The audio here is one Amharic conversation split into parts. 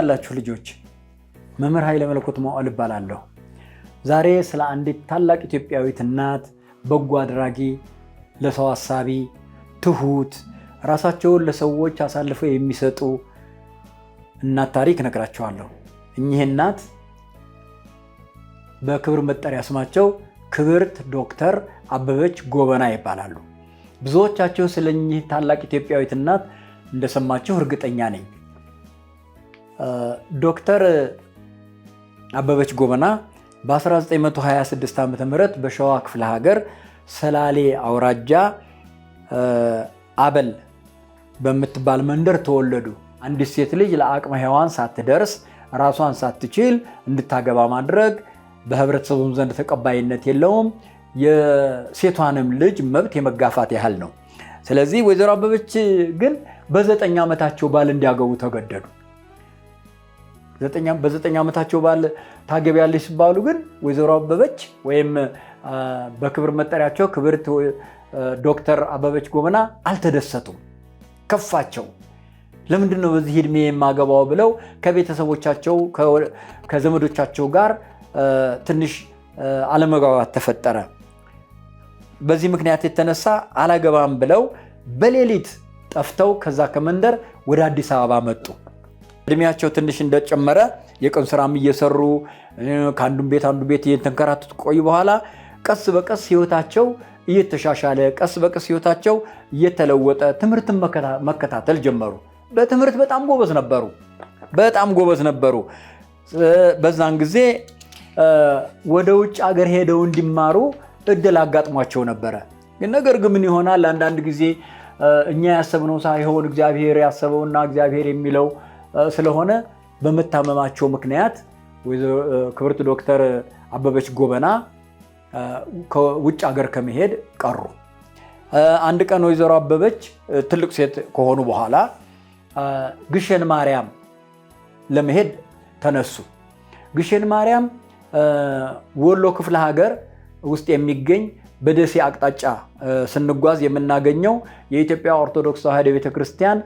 እንደምናላችሁ ልጆች፣ መምህር ኃይለ መለኮት መዋዕል እባላለሁ። ዛሬ ስለ አንዲት ታላቅ ኢትዮጵያዊት እናት፣ በጎ አድራጊ፣ ለሰው አሳቢ፣ ትሁት፣ ራሳቸውን ለሰዎች አሳልፈው የሚሰጡ እናት ታሪክ ነግራቸዋለሁ። እኚህ እናት በክብር መጠሪያ ስማቸው ክብርት ዶክተር አበበች ጎበና ይባላሉ። ብዙዎቻቸው ስለ እኚህ ታላቅ ኢትዮጵያዊት እናት እንደሰማችሁ እርግጠኛ ነኝ። ዶክተር አበበች ጎበና በ1926 ዓ ም በሸዋ ክፍለ ሀገር ሰላሌ አውራጃ አበል በምትባል መንደር ተወለዱ። አንዲት ሴት ልጅ ለአቅመ ሔዋን ሳትደርስ ራሷን ሳትችል እንድታገባ ማድረግ በህብረተሰቡም ዘንድ ተቀባይነት የለውም፣ የሴቷንም ልጅ መብት የመጋፋት ያህል ነው። ስለዚህ ወይዘሮ አበበች ግን በዘጠኝ ዓመታቸው ባል እንዲያገቡ ተገደዱ። በዘጠኝ ዓመታቸው ባል ታገቢያለሽ ሲባሉ ግን ወይዘሮ አበበች ወይም በክብር መጠሪያቸው ክብርት ዶክተር አበበች ጎበና አልተደሰቱም። ከፋቸው። ለምንድን ነው በዚህ እድሜ የማገባው ብለው ከቤተሰቦቻቸው ከዘመዶቻቸው ጋር ትንሽ አለመግባባት ተፈጠረ። በዚህ ምክንያት የተነሳ አላገባም ብለው በሌሊት ጠፍተው ከዛ ከመንደር ወደ አዲስ አበባ መጡ። እድሜያቸው ትንሽ እንደጨመረ የቀን ስራም እየሰሩ ከአንዱም ቤት አንዱ ቤት እየተንከራተቱ ቆዩ በኋላ ቀስ በቀስ ህይወታቸው እየተሻሻለ ቀስ በቀስ ህይወታቸው እየተለወጠ ትምህርትን መከታተል ጀመሩ። በትምህርት በጣም ጎበዝ ነበሩ። በጣም ጎበዝ ነበሩ። በዛን ጊዜ ወደ ውጭ ሀገር ሄደው እንዲማሩ እድል አጋጥሟቸው ነበረ። ነገር ግን ምን ይሆናል አንዳንድ ጊዜ እኛ ያሰብነው ሳይሆን እግዚአብሔር ያሰበውና እግዚአብሔር የሚለው ስለሆነ በመታመማቸው ምክንያት ክብርት ዶክተር አበበች ጎበና ከውጭ ሀገር ከመሄድ ቀሩ። አንድ ቀን ወይዘሮ አበበች ትልቅ ሴት ከሆኑ በኋላ ግሸን ማርያም ለመሄድ ተነሱ። ግሸን ማርያም ወሎ ክፍለ ሀገር ውስጥ የሚገኝ በደሴ አቅጣጫ ስንጓዝ የምናገኘው የኢትዮጵያ ኦርቶዶክስ ተዋሕዶ ቤተክርስቲያን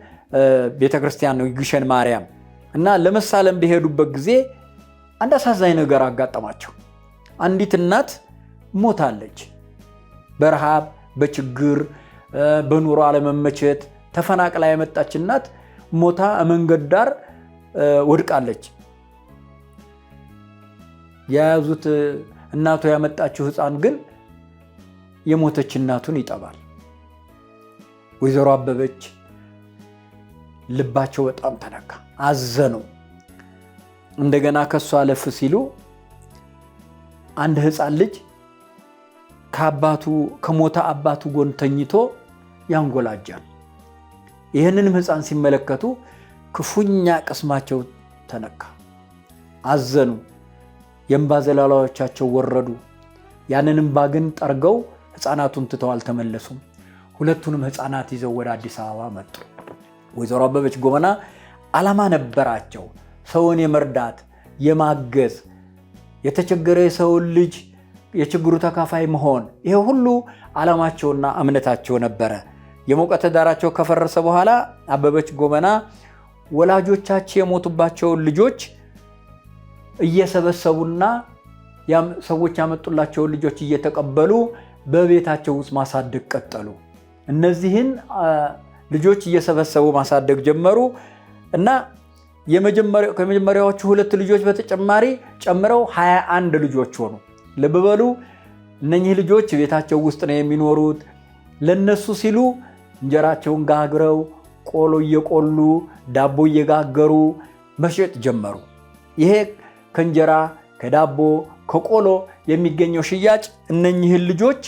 ቤተክርስቲያን ነው ግሸን ማርያም እና ለመሳለም በሄዱበት ጊዜ አንድ አሳዛኝ ነገር አጋጠማቸው። አንዲት እናት ሞታለች። በረሃብ፣ በችግር፣ በኑሮ አለመመቸት ተፈናቅላ የመጣች እናት ሞታ መንገድ ዳር ወድቃለች። የያዙት እናቱ ያመጣችው ሕፃን ግን የሞተች እናቱን ይጠባል። ወይዘሮ አበበች ልባቸው በጣም ተነካ፣ አዘኑ። እንደገና ከእሱ አለፍ ሲሉ አንድ ሕፃን ልጅ ከአባቱ ከሞተ አባቱ ጎን ተኝቶ ያንጎላጃል። ይህንንም ሕፃን ሲመለከቱ ክፉኛ ቅስማቸው ተነካ፣ አዘኑ። የእንባ ዘላላዎቻቸው ወረዱ። ያንን እንባ ግን ጠርገው ሕፃናቱን ትተው አልተመለሱም። ሁለቱንም ሕፃናት ይዘው ወደ አዲስ አበባ መጡ። ወይዘሮ አበበች ጎበና ዓላማ ነበራቸው። ሰውን የመርዳት የማገዝ የተቸገረ የሰውን ልጅ የችግሩ ተካፋይ መሆን ይሄ ሁሉ ዓላማቸውና እምነታቸው ነበረ። የሞቀ ትዳራቸው ከፈረሰ በኋላ አበበች ጎበና ወላጆቻቸው የሞቱባቸውን ልጆች እየሰበሰቡና ሰዎች ያመጡላቸውን ልጆች እየተቀበሉ በቤታቸው ውስጥ ማሳደግ ቀጠሉ። እነዚህን ልጆች እየሰበሰቡ ማሳደግ ጀመሩ እና ከመጀመሪያዎቹ ሁለት ልጆች በተጨማሪ ጨምረው 21 ልጆች ሆኑ። ልብ በሉ እነኚህ ልጆች ቤታቸው ውስጥ ነው የሚኖሩት። ለነሱ ሲሉ እንጀራቸውን ጋግረው ቆሎ እየቆሉ ዳቦ እየጋገሩ መሸጥ ጀመሩ። ይሄ ከእንጀራ ከዳቦ ከቆሎ የሚገኘው ሽያጭ እነኚህን ልጆች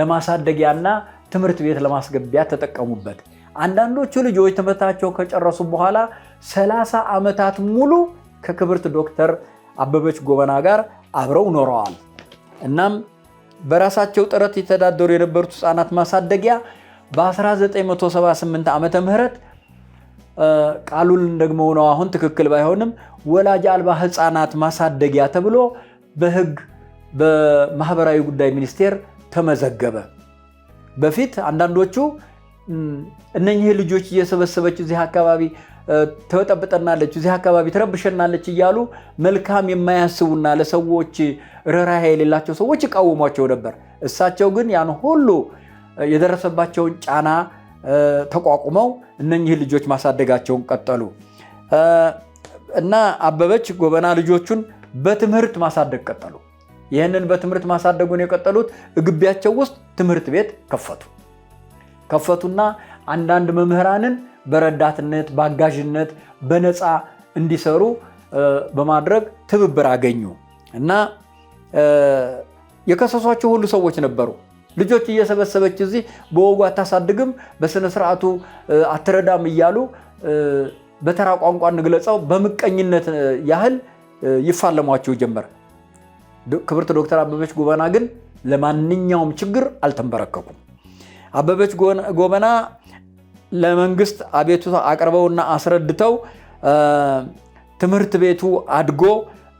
ለማሳደጊያና ትምህርት ቤት ለማስገቢያ ተጠቀሙበት። አንዳንዶቹ ልጆች ትምህርታቸው ከጨረሱ በኋላ ሰላሳ ዓመታት ሙሉ ከክብርት ዶክተር አበበች ጎበና ጋር አብረው ኖረዋል። እናም በራሳቸው ጥረት የተዳደሩ የነበሩት ሕፃናት ማሳደጊያ በ1978 ዓመተ ምህረት ቃሉን ደግሞ ነው አሁን ትክክል ባይሆንም ወላጅ አልባ ሕፃናት ማሳደጊያ ተብሎ በህግ በማህበራዊ ጉዳይ ሚኒስቴር ተመዘገበ። በፊት አንዳንዶቹ እነኚህ ልጆች እየሰበሰበች እዚህ አካባቢ ተወጠብጠናለች እዚህ አካባቢ ትረብሸናለች እያሉ መልካም የማያስቡና ለሰዎች ርኅራኄ የሌላቸው ሰዎች ይቃወሟቸው ነበር። እሳቸው ግን ያን ሁሉ የደረሰባቸውን ጫና ተቋቁመው እነኚህ ልጆች ማሳደጋቸውን ቀጠሉ እና አበበች ጎበና ልጆቹን በትምህርት ማሳደግ ቀጠሉ። ይህንን በትምህርት ማሳደጉን የቀጠሉት ግቢያቸው ውስጥ ትምህርት ቤት ከፈቱ። ከፈቱና አንዳንድ መምህራንን በረዳትነት በአጋዥነት በነፃ እንዲሰሩ በማድረግ ትብብር አገኙ እና የከሰሷቸው ሁሉ ሰዎች ነበሩ። ልጆች እየሰበሰበች እዚህ በወጉ አታሳድግም፣ በሥነ ስርዓቱ አትረዳም እያሉ በተራ ቋንቋ እንግለጸው በምቀኝነት ያህል ይፋለሟቸው ጀመር። ክብርት ዶክተር አበበች ጎበና ግን ለማንኛውም ችግር አልተንበረከኩም። አበበች ጎበና ለመንግስት አቤቱታ አቅርበውና አስረድተው ትምህርት ቤቱ አድጎ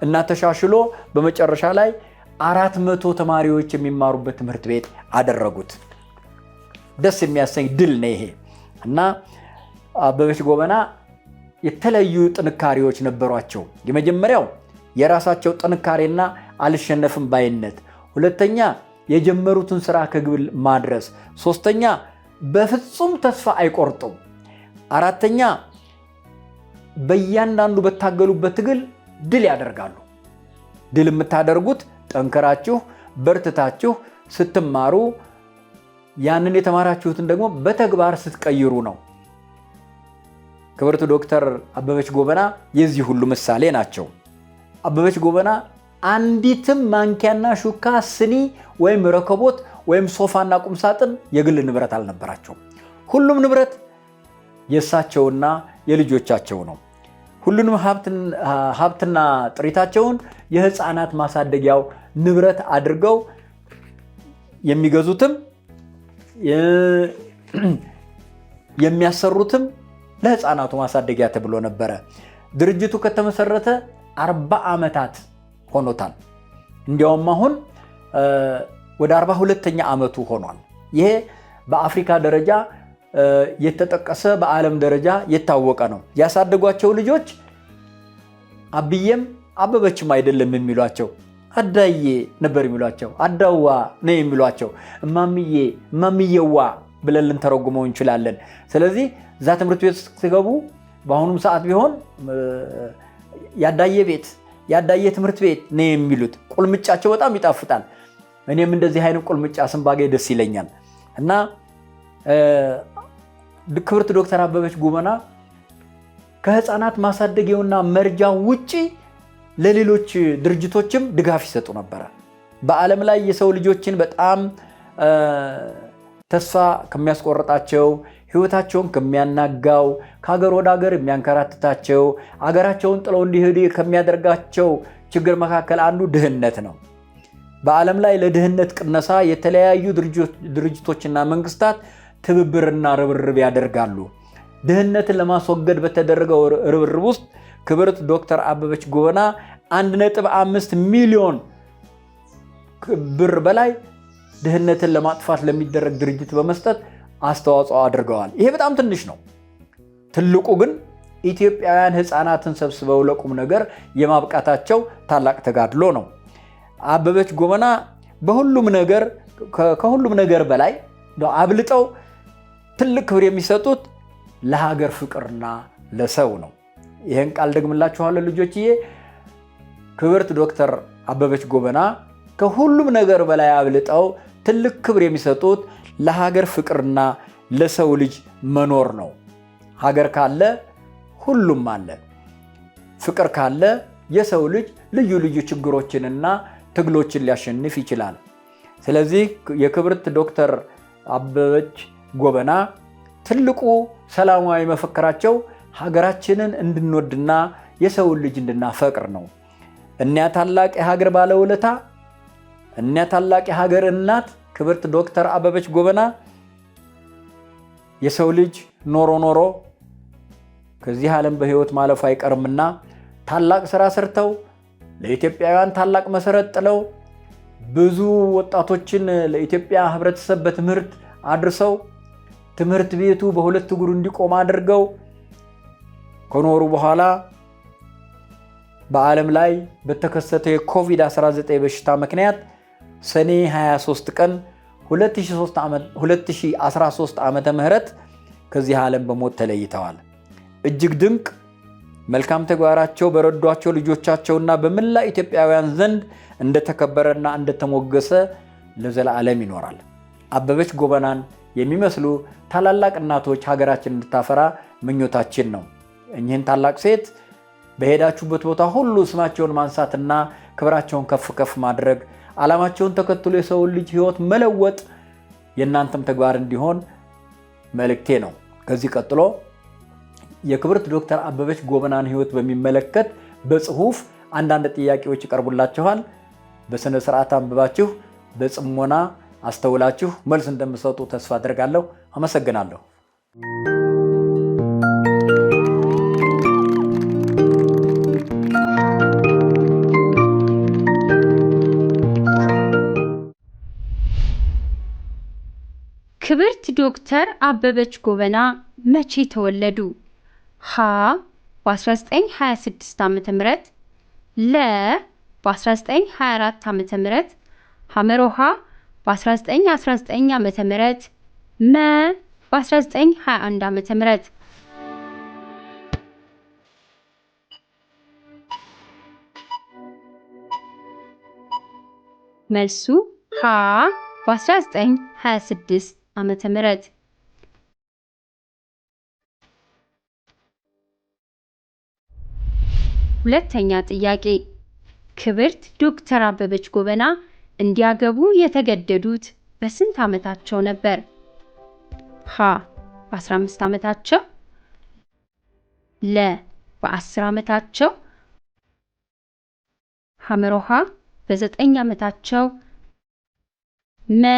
እና ተሻሽሎ በመጨረሻ ላይ አራት መቶ ተማሪዎች የሚማሩበት ትምህርት ቤት አደረጉት። ደስ የሚያሰኝ ድል ነው ይሄ እና አበበች ጎበና የተለያዩ ጥንካሬዎች ነበሯቸው። የመጀመሪያው የራሳቸው ጥንካሬና አልሸነፍም ባይነት፣ ሁለተኛ የጀመሩትን ስራ ከግብል ማድረስ። ሶስተኛ በፍጹም ተስፋ አይቆርጡም። አራተኛ በእያንዳንዱ በታገሉበት ትግል ድል ያደርጋሉ። ድል የምታደርጉት ጠንከራችሁ በርትታችሁ ስትማሩ፣ ያንን የተማራችሁትን ደግሞ በተግባር ስትቀይሩ ነው። ክብርት ዶክተር አበበች ጎበና የዚህ ሁሉ ምሳሌ ናቸው። አበበች ጎበና አንዲትም ማንኪያና ሹካ፣ ስኒ ወይም ረከቦት ወይም ሶፋና ቁምሳጥን የግል ንብረት አልነበራቸውም። ሁሉም ንብረት የእሳቸውና የልጆቻቸው ነው። ሁሉንም ሀብትና ጥሪታቸውን የህፃናት ማሳደጊያው ንብረት አድርገው የሚገዙትም የሚያሰሩትም ለህፃናቱ ማሳደጊያ ተብሎ ነበረ። ድርጅቱ ከተመሰረተ አርባ ዓመታት ሆኖታል። እንዲያውም አሁን ወደ 42 ሁለተኛ ዓመቱ ሆኗል። ይሄ በአፍሪካ ደረጃ የተጠቀሰ በዓለም ደረጃ የታወቀ ነው። ያሳደጓቸው ልጆች አብዬም አበበችም አይደለም የሚሏቸው አዳዬ ነበር የሚሏቸው፣ አዳዋ ነው የሚሏቸው፣ እማምዬ እማምየዋ ብለን ልንተረጉመው እንችላለን። ስለዚህ እዛ ትምህርት ቤት ሲገቡ በአሁኑም ሰዓት ቢሆን ያዳየ ቤት ያዳየ ትምህርት ቤት ነው የሚሉት። ቁልምጫቸው በጣም ይጣፍጣል። እኔም እንደዚህ አይነት ቁልምጫ ስም ደስ ይለኛል እና ክብርት ዶክተር አበበች ጎበና ከህፃናት ማሳደጊያውና መርጃ ውጪ ለሌሎች ድርጅቶችም ድጋፍ ይሰጡ ነበረ። በዓለም ላይ የሰው ልጆችን በጣም ተስፋ ከሚያስቆርጣቸው ህይወታቸውን ከሚያናጋው ከሀገር ወደ ሀገር የሚያንከራትታቸው አገራቸውን ጥለው እንዲሄዱ ከሚያደርጋቸው ችግር መካከል አንዱ ድህነት ነው። በዓለም ላይ ለድህነት ቅነሳ የተለያዩ ድርጅቶችና መንግስታት ትብብርና ርብርብ ያደርጋሉ። ድህነትን ለማስወገድ በተደረገው ርብርብ ውስጥ ክብርት ዶክተር አበበች ጎበና 1.5 ሚሊዮን ብር በላይ ድህነትን ለማጥፋት ለሚደረግ ድርጅት በመስጠት አስተዋጽኦ አድርገዋል። ይሄ በጣም ትንሽ ነው። ትልቁ ግን ኢትዮጵያውያን ህፃናትን ሰብስበው ለቁም ነገር የማብቃታቸው ታላቅ ተጋድሎ ነው። አበበች ጎበና በሁሉም ነገር ከሁሉም ነገር በላይ አብልጠው ትልቅ ክብር የሚሰጡት ለሀገር ፍቅርና ለሰው ነው። ይህን ቃል ደግምላችኋለሁ ልጆችዬ። ክብርት ዶክተር አበበች ጎበና ከሁሉም ነገር በላይ አብልጠው ትልቅ ክብር የሚሰጡት ለሀገር ፍቅርና ለሰው ልጅ መኖር ነው። ሀገር ካለ ሁሉም አለ። ፍቅር ካለ የሰው ልጅ ልዩ ልዩ ችግሮችንና ትግሎችን ሊያሸንፍ ይችላል። ስለዚህ የክብርት ዶክተር አበበች ጎበና ትልቁ ሰላማዊ መፈክራቸው ሀገራችንን እንድንወድና የሰውን ልጅ እንድናፈቅር ነው። እኒያ ታላቅ የሀገር ባለውለታ እነ ታላቅ የሀገር እናት ክብርት ዶክተር አበበች ጎበና የሰው ልጅ ኖሮ ኖሮ ከዚህ ዓለም በሕይወት ማለፉ አይቀርምና ታላቅ ስራ ሰርተው ለኢትዮጵያውያን ታላቅ መሰረት ጥለው ብዙ ወጣቶችን ለኢትዮጵያ ህብረተሰብ በትምህርት አድርሰው ትምህርት ቤቱ በሁለት እግሩ እንዲቆም አድርገው ከኖሩ በኋላ በዓለም ላይ በተከሰተው የኮቪድ-19 በሽታ ምክንያት ሰኔ 23 ቀን 2013 ዓመተ ምህረት ከዚህ ዓለም በሞት ተለይተዋል። እጅግ ድንቅ መልካም ተግባራቸው በረዷቸው ልጆቻቸውና በመላ ኢትዮጵያውያን ዘንድ እንደተከበረና እንደተሞገሰ ለዘላለም ይኖራል። አበበች ጎበናን የሚመስሉ ታላላቅ እናቶች ሀገራችን እንድታፈራ ምኞታችን ነው። እኚህን ታላቅ ሴት በሄዳችሁበት ቦታ ሁሉ ስማቸውን ማንሳትና ክብራቸውን ከፍ ከፍ ማድረግ ዓላማቸውን ተከትሎ የሰውን ልጅ ህይወት መለወጥ የእናንተም ተግባር እንዲሆን መልእክቴ ነው። ከዚህ ቀጥሎ የክብርት ዶክተር አበበች ጎበናን ህይወት በሚመለከት በጽሁፍ አንዳንድ ጥያቄዎች ይቀርቡላችኋል። በሥነ ስርዓት አንብባችሁ በጽሞና አስተውላችሁ መልስ እንደምሰጡ ተስፋ አድርጋለሁ። አመሰግናለሁ። ክብርት ዶክተር አበበች ጎበና መቼ ተወለዱ? ሀ በ1926 ዓ ም ለ በ1924 ዓ ም ሐመሮሃ በ1919 ዓ ም መ በ1921 ዓ ም መልሱ ሀ በ1926 ዓመተ ምህረት ሁለተኛ ጥያቄ ክብርት ዶክተር አበበች ጎበና እንዲያገቡ የተገደዱት በስንት ዓመታቸው ነበር? ሀ በ15 ዓመታቸው፣ ለ በ10 ዓመታቸው፣ ሐመሮሃ በ9 ዓመታቸው፣ መ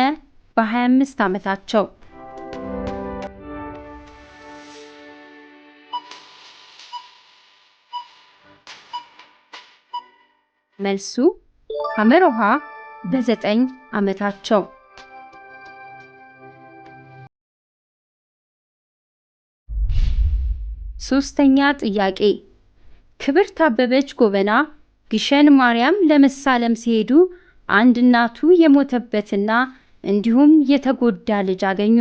በ25 ዓመታቸው መልሱ በ9 ዓመታቸው ሶስተኛ ጥያቄ ክብርት አበበች ጎበና ግሸን ማርያም ለመሳለም ሲሄዱ አንድ እናቱ የሞተበትና እንዲሁም የተጎዳ ልጅ አገኙ።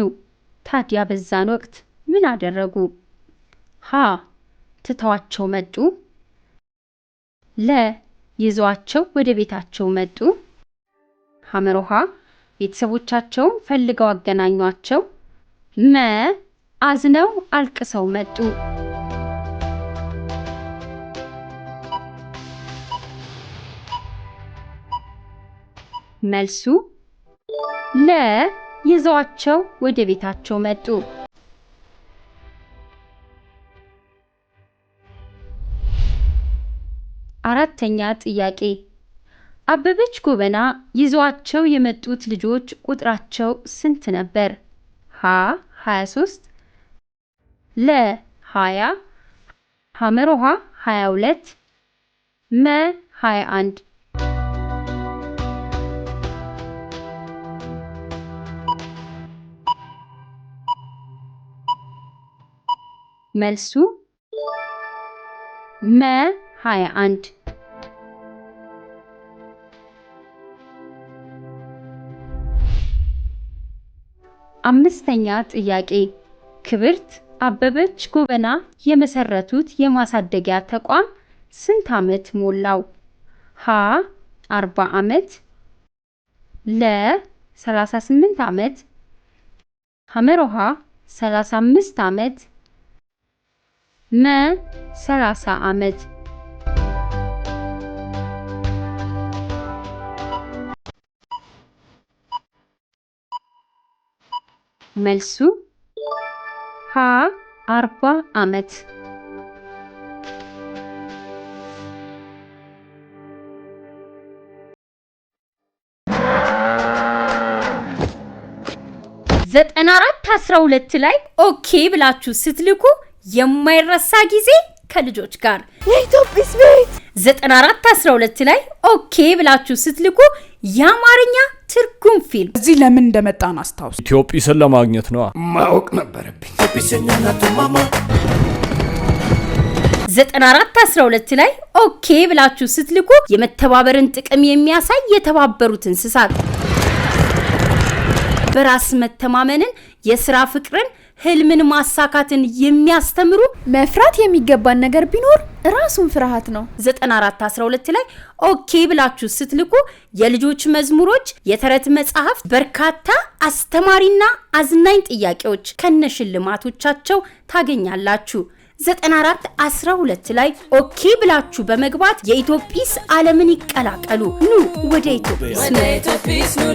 ታዲያ በዛን ወቅት ምን አደረጉ? ሀ ትተዋቸው መጡ። ለ ይዘዋቸው ወደ ቤታቸው መጡ። ሐመሮሃ ቤተሰቦቻቸውን ፈልገው አገናኟቸው። መ አዝነው አልቅሰው መጡ። መልሱ ለ ይዘዋቸው ወደ ቤታቸው መጡ። አራተኛ ጥያቄ አበበች ጎበና ይዘዋቸው የመጡት ልጆች ቁጥራቸው ስንት ነበር? ሀ 23 ለ 20 ሐመር ውሃ 22 መ 21 መልሱ መ 21። አምስተኛ ጥያቄ ክብርት አበበች ጎበና የመሰረቱት የማሳደጊያ ተቋም ስንት ዓመት ሞላው? ሀ 40 ዓመት፣ ለ 38 ዓመት፣ ሐመሮሃ 35 ዓመት ለ30 ዓመት መልሱ ሀ 40 ዓመት። ዘጠና አራት አስራ ሁለት ላይ ኦኬ ብላችሁ ስትልኩ የማይረሳ ጊዜ ከልጆች ጋር የኢትዮጲስ 94 12 ላይ ኦኬ ብላችሁ ስትልኩ የአማርኛ ትርጉም ፊልም እዚህ ለምን እንደመጣን አስታውስ። ኢትዮጲስን ለማግኘት ነዋ። ማወቅ ነበረብኝ። 9412 ላይ ኦኬ ብላችሁ ስትልኩ የመተባበርን ጥቅም የሚያሳይ የተባበሩት እንስሳት በራስ መተማመንን፣ የስራ ፍቅርን ህልምን ማሳካትን የሚያስተምሩ መፍራት የሚገባን ነገር ቢኖር ራሱን ፍርሃት ነው። 9412 ላይ ኦኬ ብላችሁ ስትልኩ የልጆች መዝሙሮች፣ የተረት መጽሐፍ በርካታ አስተማሪና አዝናኝ ጥያቄዎች ከነሽልማቶቻቸው ታገኛላችሁ። 9412 ላይ ኦኬ ብላችሁ በመግባት የኢትዮጲስ ዓለምን ይቀላቀሉ። ኑ ወደ ኢትዮጲስ